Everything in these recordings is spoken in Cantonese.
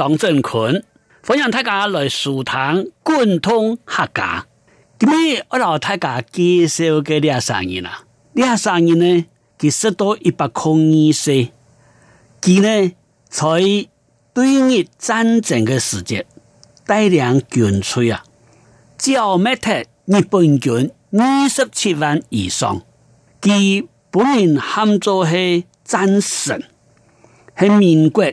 黨政坤，歡迎大家來樹藤貫通客家。今日呢，我同大家介紹嗰啲薛岳啦。啲薛岳呢，佢十多一百零二歲，佢呢在對日戰爭嘅時節大量捐出啊，叫埋睇日本軍二十七萬以上，佢本人喊做係戰神，係民國。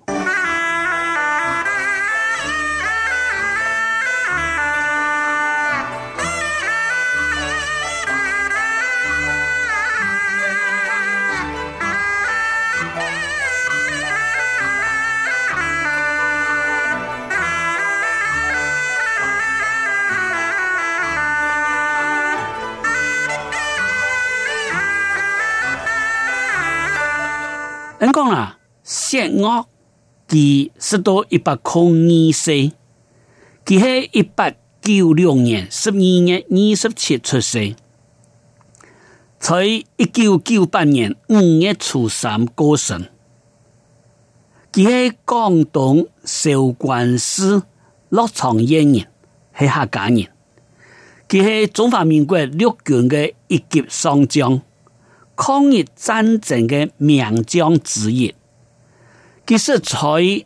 啊，薛岳，佢十多一百空二歲，佢係一八九六年十二月二十七出生，在一九九八年五月初三過身，佢係廣東韶關市樂昌縣人，係客家人。佢係中華民國陸軍嘅一級上將。抗日戰爭的名將之一，其實在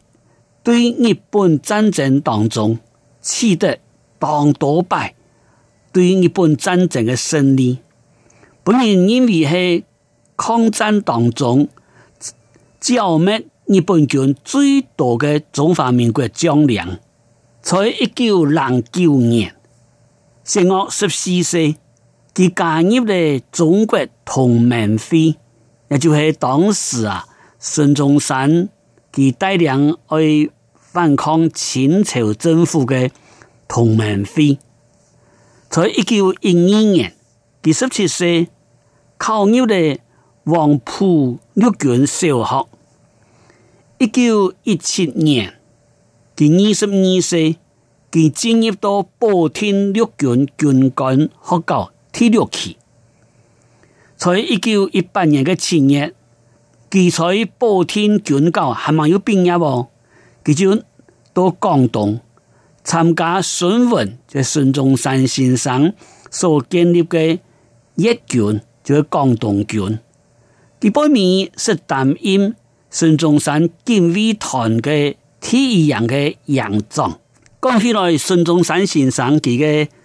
對日本戰爭當中取得當多敗，對日本戰爭的勝利，本人認為在抗戰當中殲滅日本軍最多的中華民國將領。在一九零九年，成我十四歲。佢加入的中國同盟會，也就是當時啊，孫中山佢帶領去反抗清朝政府的同盟會。在一九一一年，佢十七歲考入的黃埔陸軍小學。一九一七年，佢二十二歲，佢進入到保定陸軍軍官學校。第六期，在一九一八年七月，佢在保定軍校還沒有畢業喎，佢就到廣東參加孫文，即孫中山先生所建立的粵軍，就係廣東軍。佢本名是擔任孫中山警衛團的第一營的營長。講起來，孫中山先生佢嘅。這個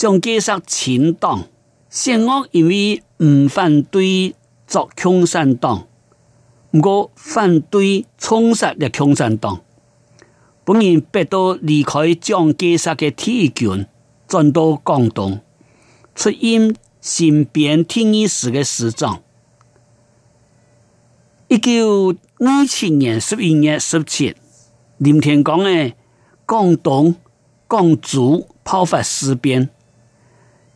蔣介石清黨，薛岳因為唔反對做共產黨，唔過反對充實嘅共產黨，本人必到離開蔣介石嘅鐵拳，轉到廣東，出任新編第一師嘅師長。一九二七年十一月十七，林天光嘅廣東廣州爆發事變。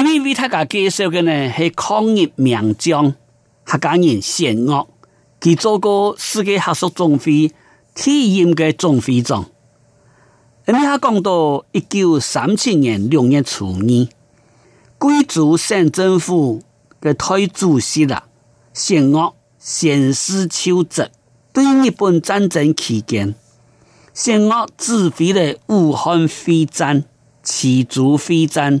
今日為大家介紹的呢係抗日名將，客家人薛岳，佢做過世界客屬總會第一任嘅總會長。咁啊，講到一九三七年六月初二，貴州省政府的太主席啦，薛岳善事求職，對日本戰爭期間，薛岳指揮的武漢會戰、池州會戰。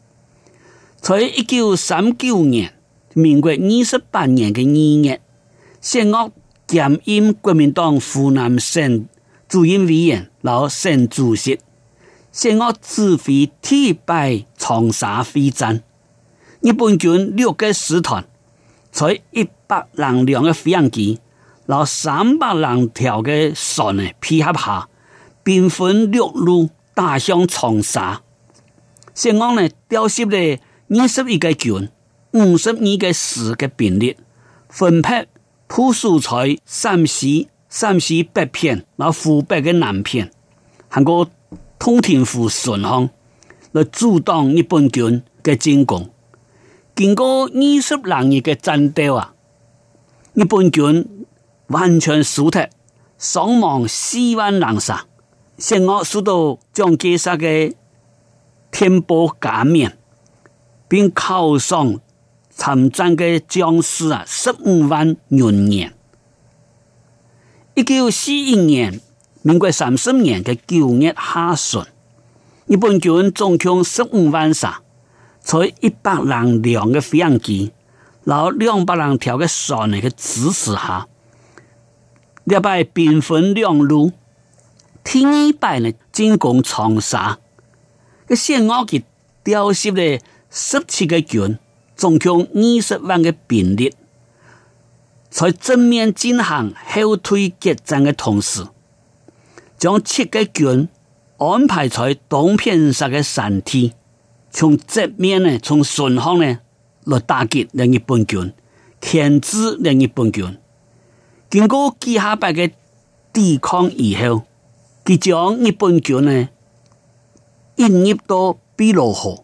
在一九三九年民國二十八年的二月，薛岳兼任國民黨湖南省主任委員，然後省主席。薛岳指揮擊敗長沙會戰，日本軍六個師團，採一百零兩個飛機，然後三百零條的船嘅配合下，兵分六路打向長沙。薛岳呢調集呢？二十一個軍，五十二個師的兵力分配部署在山西、山西北片、那湖北嘅南片，行過洞庭湖順行，來阻擋日本軍的進攻。經過二十零日嘅戰鬥啊，日本軍完全輸脫，傷亡四萬人，十，剩我數到蔣介石嘅天波嘉勉。並犒賞參戰的將士啊，十五萬銀元。一九四一年，民國三十年的九月下旬，日本軍重槍十五萬殺，在一百人量個飛機，然後兩百人條嘅船嘅支持下，一擺兵分兩路，天一擺呢進攻長沙，個先我嘅調息咧。十七個軍總共二十萬嘅兵力，在正面進行後退決戰的同時，將七個軍安排在東邊上的山體，從側面呢，從順風呢嚟打擊日本軍，鉗制日本軍。經過幾下百個抵抗以後，佢將日本軍呢一一都俾落禍。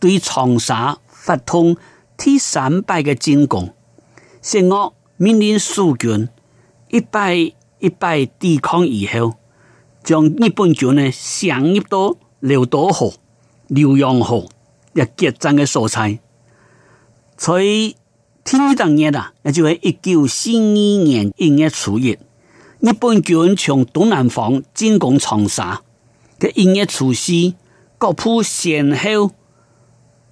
對長沙發動第三次嘅進攻，先我命令蘇軍一敗一敗抵抗以後，將日本軍呢上一多撈刀河、瀏陽河一決戰嘅素材，所以天在天日當夜啦，也就是一九四二年一月初一，日本軍從東南方進攻長沙，在一月初四，國破先後，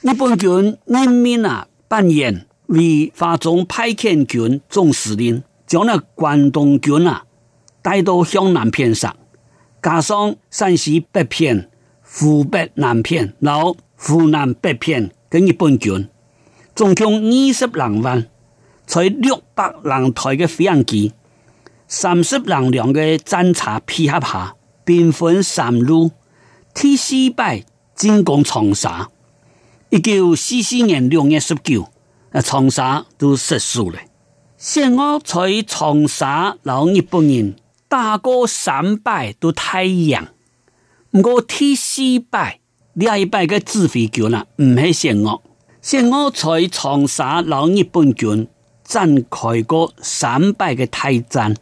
日本軍任命啊扮演，為華中派遣軍總司令，將那關東軍啊帶到湘南片上，加上陝西北片、湖北南片、然後湖南北片跟日本軍，總共二十兩萬人，在六百人台嘅飛機、三十人量嘅戰車配合下，兵分三路，鐵西敗進攻長沙。一九四四年六月十九，啊長沙都失守了。薛岳在長沙老日本人打過三百多太陽，百兩啊、唔過天西北另一百個指揮官啦，唔係薛岳。薛岳在長沙老日本軍展開過三百個太戰，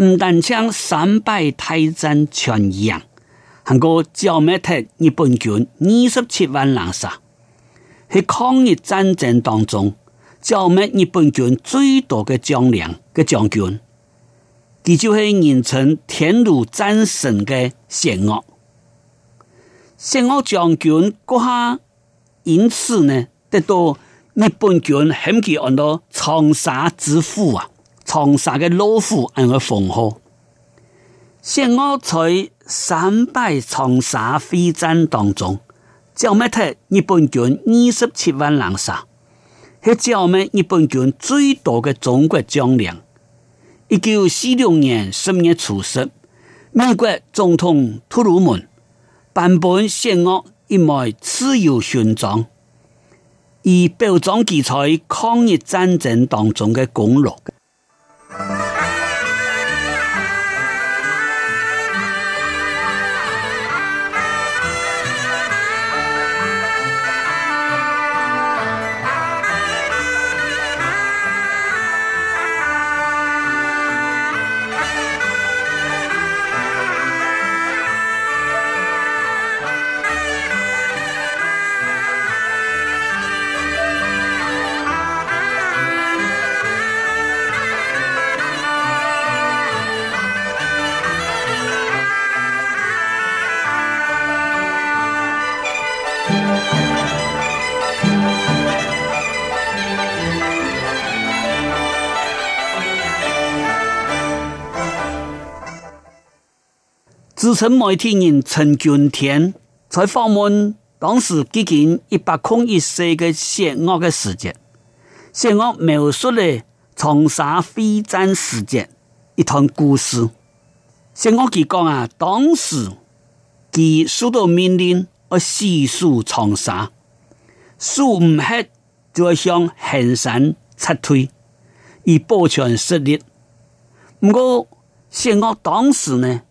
唔但將三百大戰全贏，還個剿滅掉日本軍二十七萬人殺。喺抗日戰爭當中，殲滅日本軍最多嘅將領嘅將軍，佢就係人稱“天爐戰神”嘅薛岳。薛岳將軍閣下，因此呢，得到日本軍很幾按到長沙之虎啊，長沙嘅老虎咁嘅封號。薛岳在三百長沙會戰當中。叫埋替日本軍二十七萬狼殺，係叫我們日本軍最多嘅中國將領。一九四六年十月初十，美國總統杜魯門頒佈《新約一枚自由勳章，以表彰佢在抗日戰爭當中嘅功勞。自稱媒體人陳君天在訪問當時接近一百空一歲的薛岳的事跡，薛岳描述了長沙會戰事件一段故事。薛岳佢講啊，當時佢收到命令而死守長沙，守唔住就會向衡山撤退以保全實力。唔過薛岳當時呢？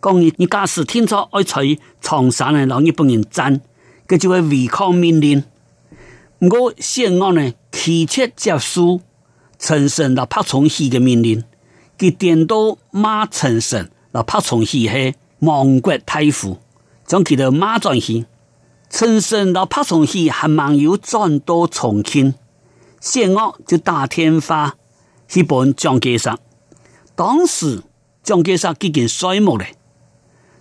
講佢假使聽說要在長沙呢，讓日本人佔，佢就會違抗命令。我薛岳呢，拒絕接收陳誠到白崇禧嘅命令，佢點到罵陳誠那白崇禧係亡國大夫，將佢哋罵轉去。陳誠到白崇禧還冇有占到重慶，薛岳就打電話，日本蔣介石。當時蔣介石已經衰木嘞。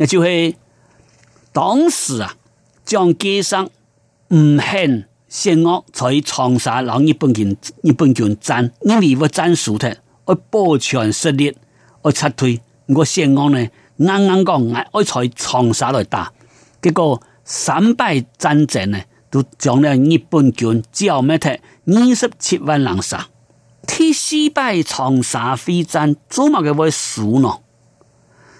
那就係當時啊，蔣介石唔興薛岳，在長沙讓日本軍日本軍戰，因為我戰輸脫，我保全實力，我撤退。我薛岳呢，啱啱講，我我喺長沙嚟打，結果三百戰爭呢，都將咗日本軍之後，咩嘢？二十七萬人殺，第四敗長沙會戰，做乜嘅會輸呢？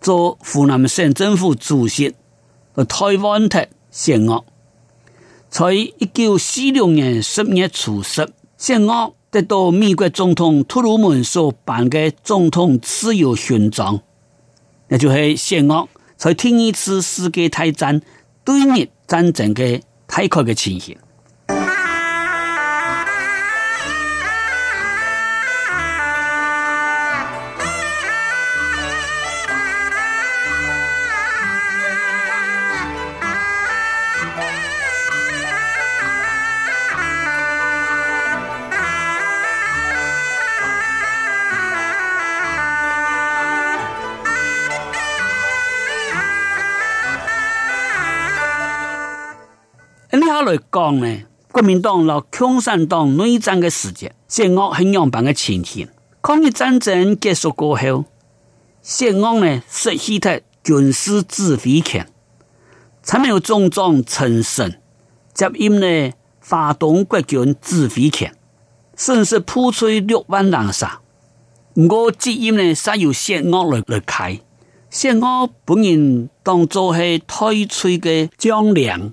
做湖南省政府主席，和台灣特使嘅薛岳，在一九四六年十月初十，薛岳得到美國總統杜魯門所頒的總統自由勳章，那就是薛岳在第二次世界大戰對日戰爭的大概的情形。咁呢下來講呢，國民黨落共產黨內戰的時節，薛岳很樣板的前線。抗日戰爭結束過後，薛岳呢失去咗軍事指揮權，才沒有重裝成神，接應呢發動國軍指揮權，甚至鋪出六萬南沙。我接應呢，實由薛岳嚟嚟開。薛岳本人當做是退卻的將領。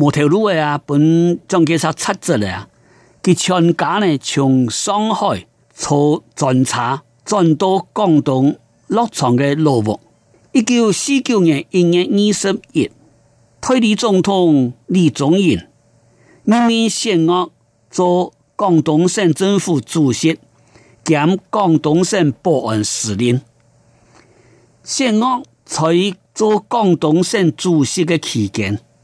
冇頭路啊，本總介紹出咗嚟啊，佢全家呢從上海坐轉車轉到廣東樂昌的路浮。一九四九年一月二十一，推理總統李宗仁，任命薛岳做廣東省政府主席兼廣東省保安司令。薛岳在做廣東省主席的期間，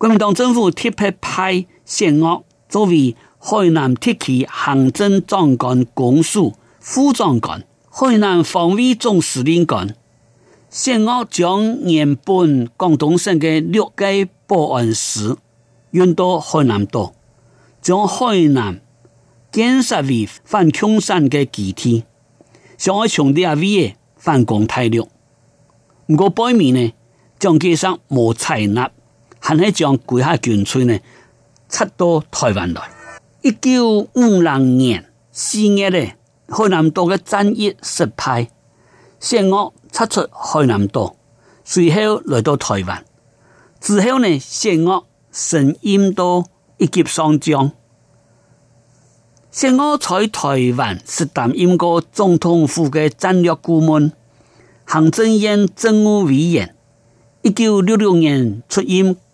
國民黨政府特別派薛岳作為海南特區行政長官公署副長官，海南防衛總司令官。薛岳將原本廣東省嘅六個保安師運到海南島，將海南建設為反共散嘅基地為的范公。想喺長啲阿 V 嘅反共力量，不過表面呢蔣介石無採納。喺呢將舉下拳出呢，撤到台灣來。一九五零年四月呢，海南島嘅戰役失敗，薛岳出出海南島，隨後來到台灣。之後呢，薛岳升任到一級上將。薛岳在台灣實擔任過總統府嘅戰略顧問、行政院政務委員。一九六六年出任。